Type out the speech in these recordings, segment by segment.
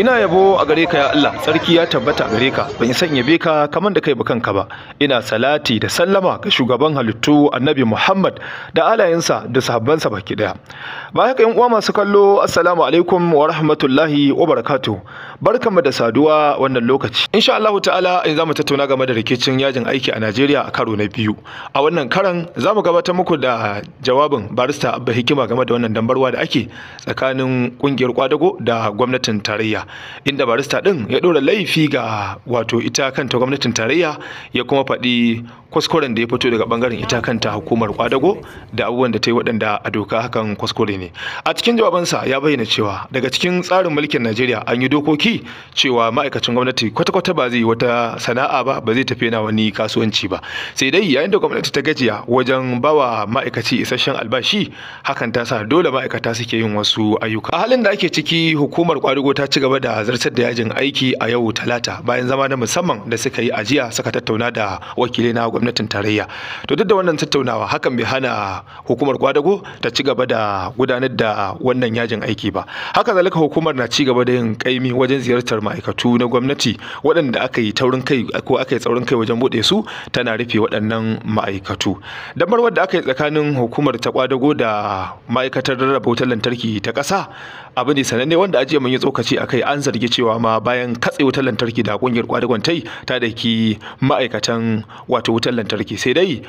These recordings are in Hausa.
ina yabo a gare ka ya Allah tsarki ya tabbata a gare ka ban san yabe ka kamar da kai ba kanka ba ina salati da sallama ga shugaban halittu annabi Muhammad da alayensa da sahabbansa baki daya ba haka yan uwa masu kallo assalamu alaikum wa rahmatullahi wa barakatuh barkamu da saduwa wannan lokaci insha Allah ta'ala yanzu zamu tattauna game da rikicin yajin aiki a Najeriya a karo na biyu a wannan karan zamu gabatar muku da jawabin barista Abba Hikima game da wannan dambarwa da ake tsakanin kungiyar kwadago da gwamnatin tarayya tarayya inda barista ɗin ya ɗora laifi ga wato ita kanta gwamnatin tarayya ya kuma faɗi kuskuren da ya fito daga ɓangaren ita kanta hukumar kwadago da abubuwan da ta yi waɗanda a doka hakan kuskure ne a cikin jawabansa ya bayyana cewa daga cikin tsarin mulkin najeriya an yi dokoki cewa ma'aikacin gwamnati kwata-kwata ba zai yi wata sana'a ba ba zai tafi na wani kasuwanci ba sai dai yayin da gwamnati ta gajiya wajen bawa ma'aikaci isasshen albashi hakan ta sa dole ma'aikata suke yin wasu ayyuka a halin da ake ciki hukumar kwadago ta ci gaba da zartar da yajin aiki a yau talata bayan zama na musamman da suka yi ajiya suka tattauna da wakilai na gwamnatin tarayya to duk da wannan tattaunawa hakan bai hana hukumar kwadago ta ci gaba da gudanar da wannan yajin aiki ba haka zalika hukumar na ci gaba da yin kaimi wajen ziyartar ma'aikatu na gwamnati waɗanda aka yi taurin kai ko aka yi tsaurin kai wajen buɗe su tana rufe waɗannan ma'aikatu damar wadda aka yi tsakanin hukumar ta kwadago da ma'aikatar rarraba wutar lantarki ta ƙasa abu ne sananne wanda ajiya mun yi tsokaci akai an zargi cewa ma bayan katse wutar lantarki da kungiyar kwadagon tai ta daki ma'aikatan wato wutar lantarki sai dai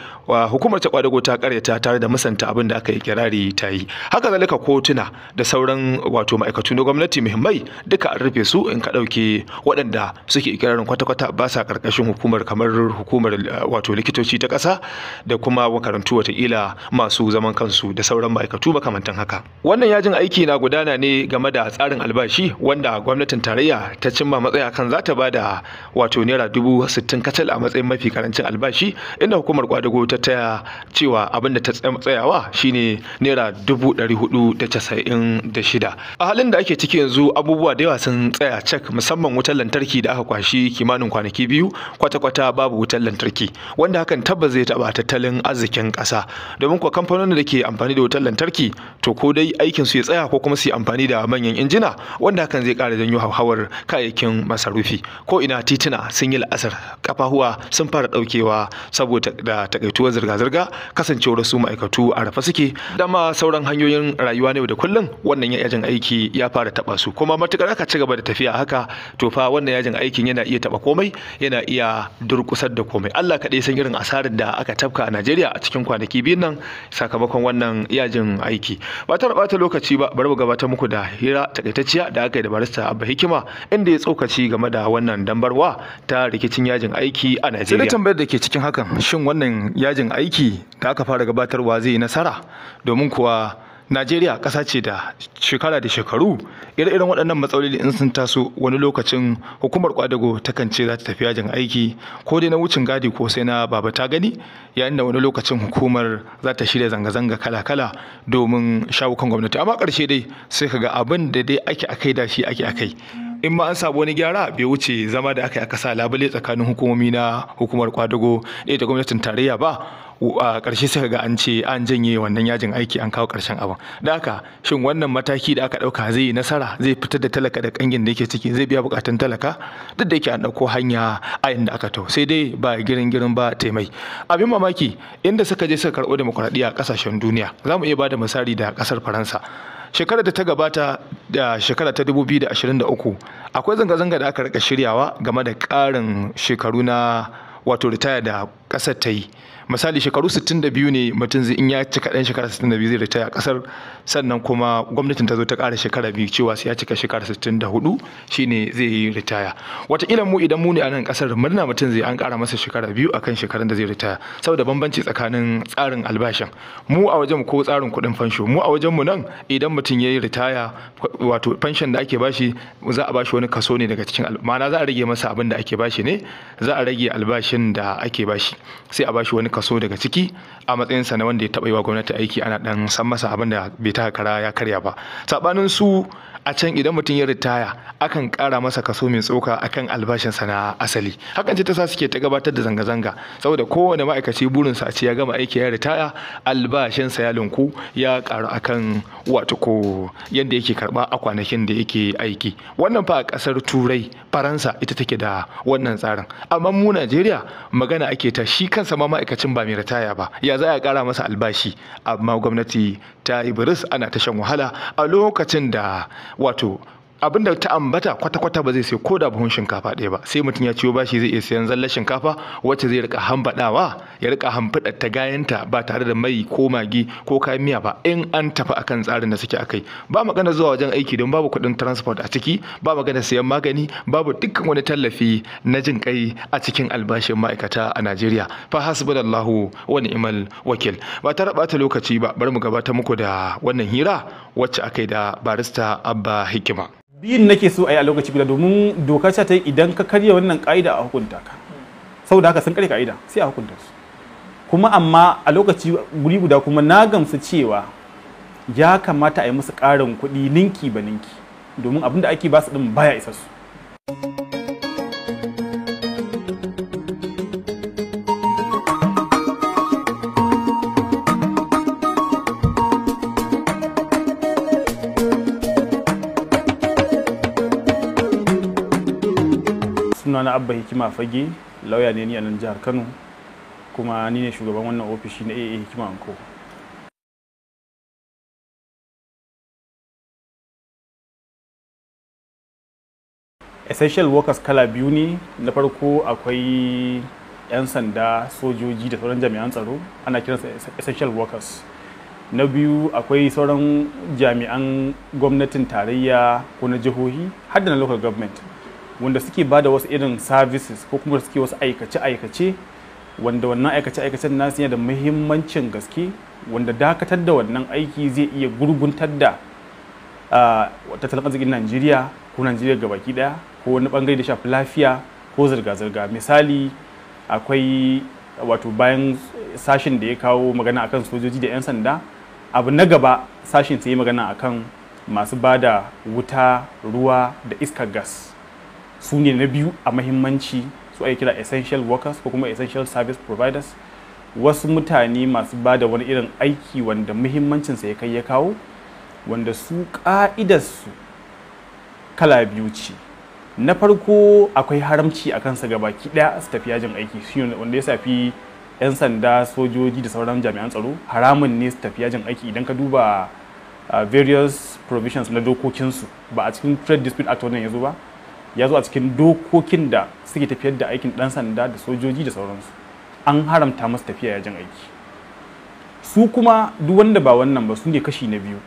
hukumar ta kwadago ta karyata tare da musanta abin da aka yi kirari ta yi haka zalika kotuna da sauran wato ma'aikatu na gwamnati muhimmai duka an rufe su in ka dauke waɗanda suke ikirarin kwata-kwata ba sa karkashin hukumar kamar hukumar eh, wato likitoci ta ƙasa da kuma makarantu watakila masu zaman kansu da sauran ma'aikatu makamantan haka wannan yajin aiki na gudana ne game da tsarin albashi wanda gwamnatin tarayya ta cimma matsaya kan za ta ba da wato naira dubu sittin kacal a matsayin mafi karancin albashi inda hukumar kwadago ta taya cewa abin da ta tsayawa shine naira dubu ɗari hudu da casa'in da shida a halin da ake ciki yanzu abubuwa da yawa sun tsaya cak musamman wutar lantarki da aka kwashi kimanin kwanaki biyu kwata-kwata babu wutar lantarki wanda hakan tabbas zai taɓa tattalin arzikin ƙasa domin kuwa kamfanonin da ke amfani da wutar lantarki to ko dai aikin su ya tsaya ko kuma su yi amfani amfani da manyan injina wanda hakan zai ƙara janyo hauhawar kayayyakin masarufi ko ina tituna sun yi la'asar kafahuwa sun fara daukewa saboda da takaituwar zirga-zirga kasancewar su ma'aikatu a rafa suke dama sauran hanyoyin rayuwa ne da kullum wannan yajin aiki ya fara taɓa su kuma matukar aka ci gaba da tafiya haka to fa wannan yajin aikin yana iya taba komai yana iya durkusar da komai Allah kaɗai san irin asarar da aka tafka a Najeriya a cikin kwanaki biyun nan sakamakon wannan yajin aiki ba ta lokaci ba bari mu gabatar muku da da hira takaitacciya da aka yi da barista Abba Hikima inda ya tsokaci game da wannan dambarwa ta rikicin yajin aiki a Najeriya. Sai tambayar da ke cikin hakan shin wannan yajin aiki da aka fara gabatarwa zai yi nasara domin kuwa Najeriya ƙasa ce da shekara da shekaru ire-iren waɗannan matsaloli in sun taso wani lokacin hukumar kwadago takan ce za ta tafi yajin aiki ko dai na wucin gadi ko sai na baba ta gani yayin da wani lokacin hukumar za ta shirya zanga-zanga kala-kala domin shawo kan gwamnati amma ƙarshe dai sai ka ga abin da dai ake akai da shi ake akai in ma an sabu wani gyara bai wuce zama da aka yi aka sa labule tsakanin hukumomi na hukumar kwadago da eh, da gwamnatin tarayya ba a ƙarshe sai ga an ce an janye wannan yajin aiki an kawo ƙarshen abin da haka shin wannan mataki da aka ɗauka zai yi nasara zai fitar da talaka da ƙangin da yake ciki zai biya buƙatun talaka duk da yake an ɗauko hanya a inda aka to sai dai ba girin girin ba taimai abin mamaki inda suka je suka karɓo demokuraɗiyya a ƙasashen duniya za mu iya ba da misali da ƙasar faransa shekarar da ta gabata da shekara ta 2023 akwai zanga-zanga da aka rika shiryawa game da ƙarin shekaru na wato ritaya da ƙasar ta yi misali shekaru 62 ne mutum zai in ya cika ɗan shekara 62 zai ritaya a ƙasar sannan kuma gwamnatin ta zo ta ƙara shekara biyu cewa sai ya cika shekara 64 shine zai yi ritaya wataƙila mu idan mu ne a nan ƙasar murna mutum zai an ƙara masa shekara biyu akan shekarun da zai ritaya saboda bambanci tsakanin tsarin albashin mu a wajen ko tsarin kuɗin fansho mu a wajen mu nan idan mutum ya yi ritaya wato fanshon da ake bashi za a bashi wani kaso ne daga cikin ma'ana za a rage masa abin da ake bashi ne za a rage albashin da ake bashi sai a bashi wani kaso daga ciki a matsayinsa na wanda ya taɓa yi wa gwamnati aiki ana ɗan san masa abin da bai taka kara ya karya ba saɓanin su a can idan mutum ya ritaya akan ƙara masa kaso mai tsoka akan albashinsa na asali hakan ce ta sa suke ta gabatar da zanga-zanga saboda kowane ma'aikaci burinsa a ce ya gama aiki ya ritaya albashinsa ya linku ya ƙaru akan wato ko yadda yake karɓa a kwanakin da yake aiki wannan fa a ƙasar turai faransa ita take da wannan tsarin amma mu najeriya magana ake ta shi kansa ma ma'aikacin ba mai ritaya ba ya za a ƙara masa albashi amma gwamnati ta ibris ana ta shan wahala a lokacin da wato abin da ta ambata kwata-kwata ba zai sai ko da buhun shinkafa ɗaya ba sai mutum ya ciwo ba shi zai iya sayan zallar shinkafa wacce zai rika hambaɗawa ya rika hamfaɗa ta gayanta ba tare da mai ko magi ko kayan miya ba in an tafi akan tsarin da suke akai ba magana zuwa wajen aiki don babu kuɗin transport a ciki ba magana sayan magani babu dukkan wani tallafi na jin kai a cikin albashin ma'aikata a Najeriya fa hasbunallahu wa ni'mal wakil ba tare ɓata lokaci ba bari mu gabatar muku da wannan hira wacce akai da barista Abba Hikima biyun nake so a yi a lokaci guda domin doka ta yi idan ka karya wannan ka'ida a hukunta ka saboda haka sun karya ka'ida sai a hukunta su kuma amma a lokaci guri guda kuma na gamsu cewa ya kamata a yi musu karin kuɗi ninki ba ninki domin abin da ake ba su ɗin baya isa su. suna na abba hikima fage lauya ne ni a nan jihar kano kuma ni ne shugaban wannan ofishi na aa hikima anko essential workers kala biyu ne na farko akwai 'yan sanda sojoji da sauran jami'an tsaro ana kiransa essential workers na biyu akwai sauran jami'an gwamnatin tarayya ko na jihohi har da na local government wanda suke ba da wasu irin services ko kuma suke wasu aikace-aikace wanda wannan aikace-aikacen nasu yana da muhimmancin gaske wanda dakatar da wannan aiki zai iya gurguntar da tattalin arzikin najeriya ko najeriya ga baki daya ko wani bangare da shafi lafiya ko zirga-zirga misali akwai wato bayan sashen da ya kawo magana akan sojoji da 'yan sanda abu na gaba sashin sai magana akan masu bada wuta ruwa da iskar gas su ne na biyu a mahimmanci su ake kira essential workers ko kuma essential service providers wasu mutane masu ba da wani irin aiki wanda muhimmancinsa ya kai ya kawo wanda su ka'idarsu kala biyu ce na farko akwai haramci a kansa ga baki daya su tafi yajin aiki wanda ya safi 'yan sanda sojoji da sauran jami'an tsaro haramun ne su tafi yajin aiki idan ka duba ah, various provisions na dokokinsu ba a cikin trade dispute act wannan ya zo ba ya zo a cikin dokokin da suke tafiyar da aikin ɗan sanda da sojoji da sauransu an haramta masu tafiya yajin aiki su kuma duk wanda ba wannan ba su ne kashi na biyu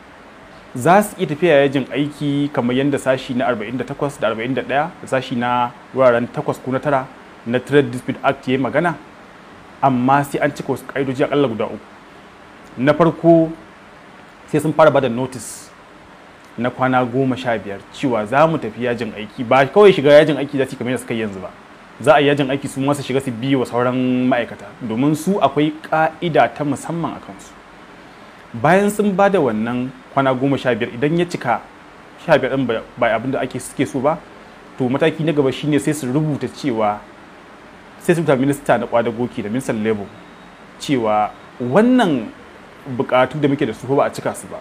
za su iya tafiya yajin aiki kamar yadda sashi na 48 da 41 da sashi na wuraren 8 ko na 9 na trade dispute act ya magana amma sai an cika wasu ƙa'idoji akalla guda uku na farko sai sun fara bada notice na kwana goma sha biyar cewa za mu tafi yajin aiki ba kawai shiga yajin aiki za su kamar da suka yanzu ba za a yi yajin aiki su masu shiga su biyu wa sauran ma'aikata domin su akwai ka'ida ta musamman a kansu bayan sun ba da wannan kwana goma sha biyar idan ya cika sha biyar ɗin ba abin da ake suke so ba to mataki na gaba shine sai su rubuta cewa sai su rubuta minista na goki da ministan lebo cewa wannan bukatu da muke da su ba a cika su ba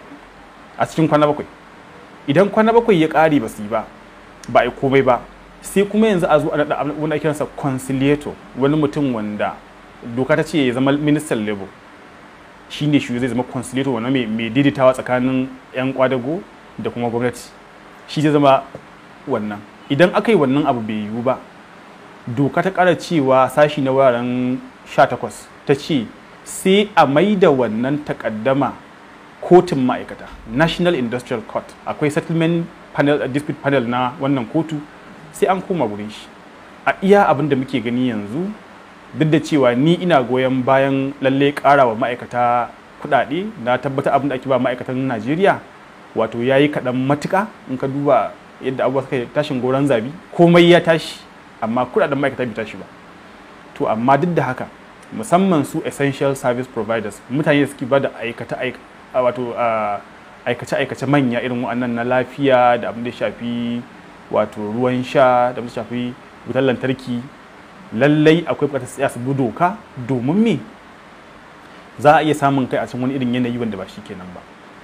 a cikin kwana bakwai idan kwana bakwai ya kare ba su yi ba ba a komai ba sai kuma yanzu a zo a naɗa ake da conciliator wani mutum wanda doka ta ce ya zama ministan labor shi ne shi zai zama conciliator wani mai daidaitawa tsakanin 'yan kwadago da kuma gwamnati shi zai zama wannan idan aka yi wannan abu bai yiwu ba doka ta kara cewa sashi na wuraren 18 ta ce sai a maida wannan takaddama kotun ma'aikata national industrial court akwai settlement panel a dispute panel na wannan kotu sai an koma wurin shi a iya abin da muke gani yanzu duk da cewa ni ina goyon bayan lalle karawa ma'aikata kudade na tabbata abin da ake ba ma'aikatan najeriya wato ya yi kaɗan matuka in ka duba yadda abubuwa suka tashin goron zabi komai ya tashi amma kudaden ma'aikata bai tashi ba to amma duk da haka musamman su essential service providers mutane da suke ba da aikata wato aikace-aikace manya irin wa'annan na lafiya da abin da shafi wato ruwan sha da abin da shafi wutar lantarki lallai akwai bukatar tsaya su doka domin me za a iya samun kai a cikin wani irin yanayi wanda ba shi kenan ba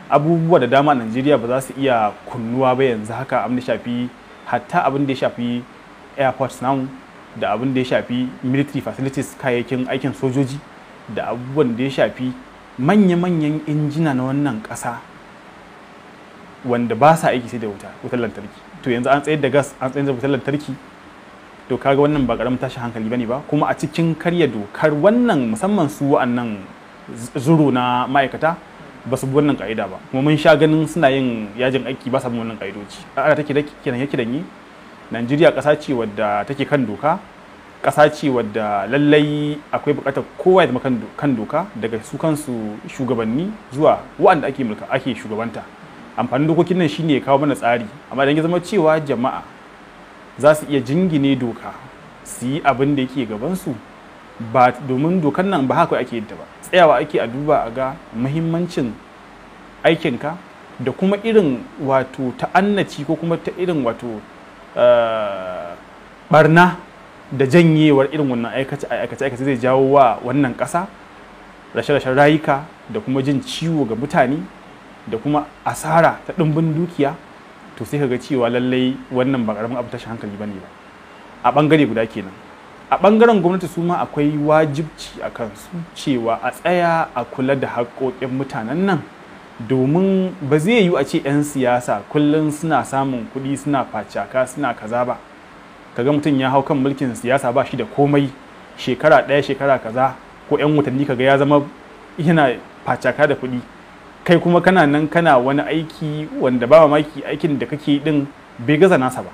abubuwa da dama a najeriya ba za su iya kunnuwa ba yanzu haka abin da shafi hatta abin da ya shafi airports now da abin da ya shafi military facilities kayayyakin aikin sojoji da abubuwan da ya shafi manya-manyan injina na wannan ƙasa wanda ba sa aiki sai da wuta wutar lantarki to yanzu an tsayar da gas an tsayar da wutar lantarki to kaga wannan ba karamin tashin hankali bane ba kuma a cikin karya dokar wannan musamman su wa'annan zuro na ma'aikata ba su bi wannan ka'ida ba kuma mun sha ganin suna yin yajin aiki ba sa bin wannan ka'idoci ana take kenan yake danyi Najeriya ƙasa ce wadda take kan doka ƙasa ce wadda lallai akwai buƙatar kowa ya zama kan doka daga su kansu shugabanni zuwa wa'anda ake mulka ake shugabanta amfanin dokokin nan shine ya kawo mana tsari amma idan ya zama cewa jama'a za su iya jingine doka su yi abin da yake gabansu ba domin dokan nan ba haka ake yadda ba tsayawa ake a duba a ga muhimmancin aikinka da kuma irin wato ta'annaci ko kuma ta irin wato barna eh, da janyewar irin wannan aikace aikace zai jawo wa wannan ƙasa rashe-rashen rayuka da kuma jin ciwo ga mutane da kuma asara ta ɗumbin dukiya to sai ga cewa lallai wannan ba ƙaramin abu tashin hankali ba ne ba a ɓangare guda kenan a ɓangaren gwamnati su ma akwai wajibci a kansu cewa a tsaya a kula da haƙoƙin mutanen nan domin ba zai yiwu a ce 'yan siyasa kullum suna samun kuɗi suna facaka suna kaza ba Ka ga mutum ya hau kan mulkin siyasa ba shi da komai shekara ɗaya shekara kaza ko 'yan watanni kaga ya zama yana facaka da kuɗi kai kuma kana nan kana wani aiki wanda ba mamaki aikin da kake din bai gaza nasa ba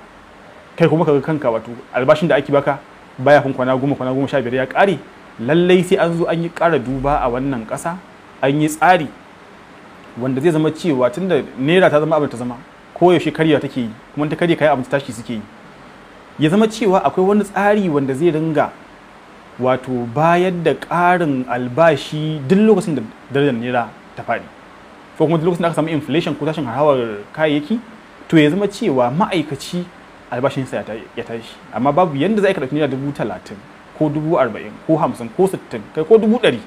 kai kuma kaga kanka wato albashin da ake baka baya kun kwana goma kwana goma sha biyar ya ƙare lallai sai an zo an yi ƙara duba a wannan ƙasa an yi tsari wanda zai zama cewa tunda naira ta zama abin ta zama koyaushe karya take yi kuma ta karya kayan abin ta tashi suke yi ya zama cewa akwai wani tsari wanda zai ringa wato bayar da ƙarin albashi duk lokacin da darajar naira ta faɗi ko kuma duk lokacin da aka samu inflation ko tashin harawar kayayyaki to ya zama cewa ma'aikaci albashinsa ya tashi amma babu yadda za ka ɗauki naira dubu talatin ko dubu arba'in ko hamsin ko sittin kai ko dubu ɗari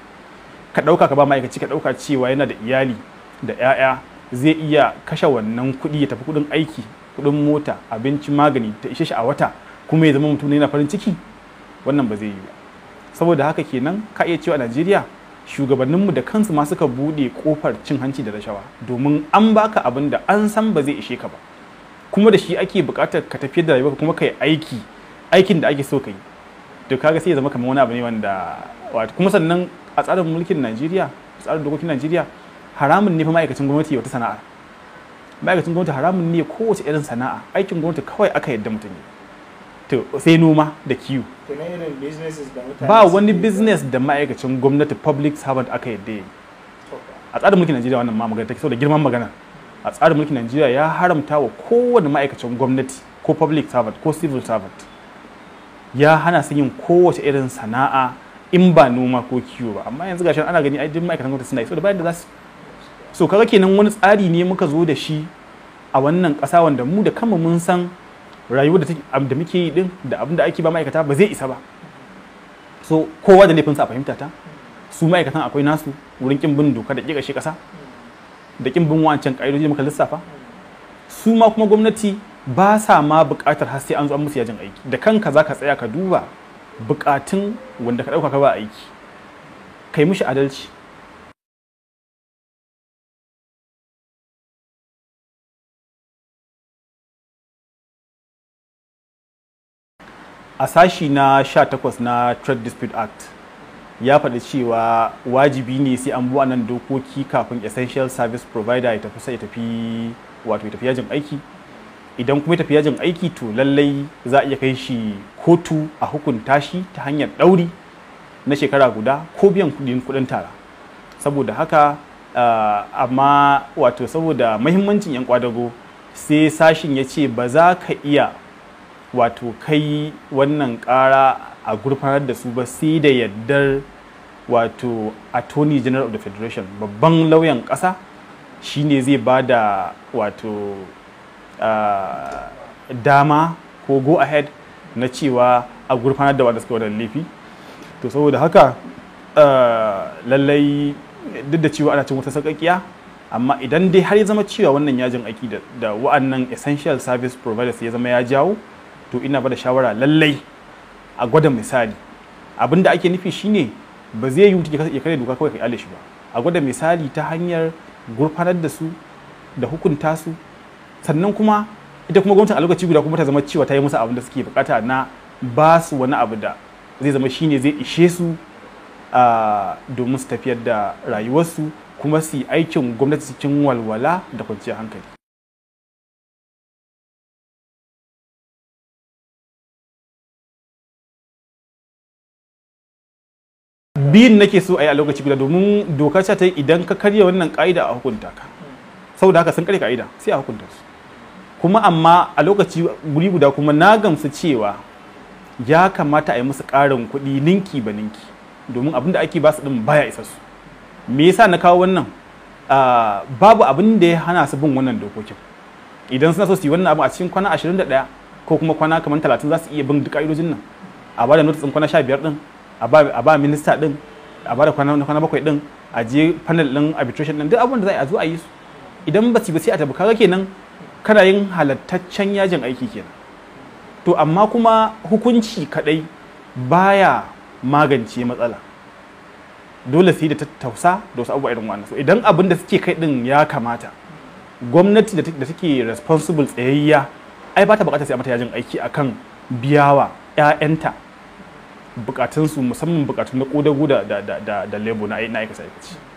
ka ɗauka ka ba ma'aikaci ka ɗauka cewa yana da iyali da 'ya'ya zai iya kashe wannan kuɗi ya tafi kuɗin aiki kuɗin mota abinci magani ta ishe shi a wata kuma ya zama mutum ne yana farin ciki wannan ba zai yi ba saboda haka kenan ka iya cewa a najeriya shugabanninmu da kansu ma suka bude kofar cin hanci da rashawa domin an baka abin da an san ba zai ishe ka ba kuma da shi ake bukatar ka tafiyar da rayuwarka kuma ka yi aiki aikin da ake so ka yi to kaga sai ya zama kamar wani abu ne wanda wato kuma sannan a tsarin mulkin najeriya tsarin dokokin najeriya haramun ne fa ma'aikacin gwamnati wata sana'a ma'aikacin gwamnati haramun ne kowace irin sana'a aikin gwamnati kawai aka yadda mutum to sai noma da kiwo ba wani business da ma'aikacin gwamnati public servant aka yadda yi a tsarin mulkin najeriya wannan ma magana take saboda girman magana a tsarin mulkin najeriya ya haramta wa kowane ma'aikacin gwamnati ko public servant ko civil servant ya hana su yin kowace irin sana'a in ba noma ko kiwo ba amma yanzu gashi ana gani ai duk ma'aikatan gwamnati suna yi saboda bayan da za su so kaga kenan wani tsari ne muka zo da shi a wannan ƙasa wanda mu da kanmu mun san rayuwar da muke yi din da abin da ake ba ma'aikata ba zai isa ba so kowa da laifinsa a fahimta ta su ma'aikatan akwai nasu wurin kin bin doka da kikashe shi ƙasa da kin bin wancan ƙa'idoji muka lissafa su ma kuma gwamnati ba sa ma buƙatar har sai an zo an musu yajin aiki da kanka za ka tsaya ka duba buƙatun wanda ka ɗauka ka ba aiki kai mishi adalci a sashi na 18 na trade dispute act ya faɗi cewa wajibi ne sai an buwa nan dokoki kafin essential service provider ya tafi sai tafi wato tafi yajin aiki idan kuma ya tafi yajin aiki to lallai za a iya kai shi kotu a hukunta shi ta hanyar ɗauri na shekara guda ko biyan kuɗin tara saboda haka ah, amma wato saboda mahimmancin 'yan kwadago sai sashin ya ce ba za ka iya wato kai wannan ƙara a gurfanar da su ba sai da yaddar wato attorney general of the federation babban lauyan ƙasa shine zai ba da wato uh, dama ko go ahead na cewa a gurfanar da wanda suka wadanda laifi to saboda haka uh, lallai duk da cewa ana cin wata sakakkiya amma idan dai har ya zama cewa wannan yajin aiki da wa'annan essential service providers ya zama ya jawo to ina ba da shawara lallai a gwada misali abin da ake nufi shine ba zai yi ya kare doka kawai ka yi ba a gwada misali ta hanyar gurfanar da su da hukunta su sannan kuma ita kuma gwamnati a lokaci guda kuma ta zama cewa ta yi musu abin da suke bukata na ba su wani abu da zai zama shine zai ishe su domin su tafiyar da rayuwarsu kuma su yi aikin gwamnati cikin walwala da kwanciyar hankali biyun nake so a yi a lokaci guda domin doka ce ta idan ka karya wannan ka'ida a hukunta ka saboda haka sun karya ka'ida sai a hukunta su kuma amma a lokaci guri guda kuma na gamsu cewa ya kamata a yi musu ƙarin kuɗi ninki ba ninki domin abin da ake ba su ɗin baya isa su me yasa na kawo wannan babu abin da ya hana su bin wannan dokokin idan suna so su yi wannan abu a cikin kwana 21 ko kuma kwana kamar 30 za su iya bin duk ka'idojin nan a bada notice kwana 15 din a ba minista din a ba da kwana bakwai din a je panel din arbitration din duk abin da za a zo a yi su idan ba ba sai a tabi kaga kenan kana yin halattaccen yajin aiki kenan to amma kuma hukunci kadai baya magance matsala dole sai da tattausa da wasu abubuwa irin wannan so idan abin da suke kai din ya kamata gwamnati da suke responsible tsayayya ai ba ta bukata sai mata yajin aiki akan biyawa 'ya'yanta bukatunsu musamman bukatun na ƙudagu da da da da lebo na aikace aikace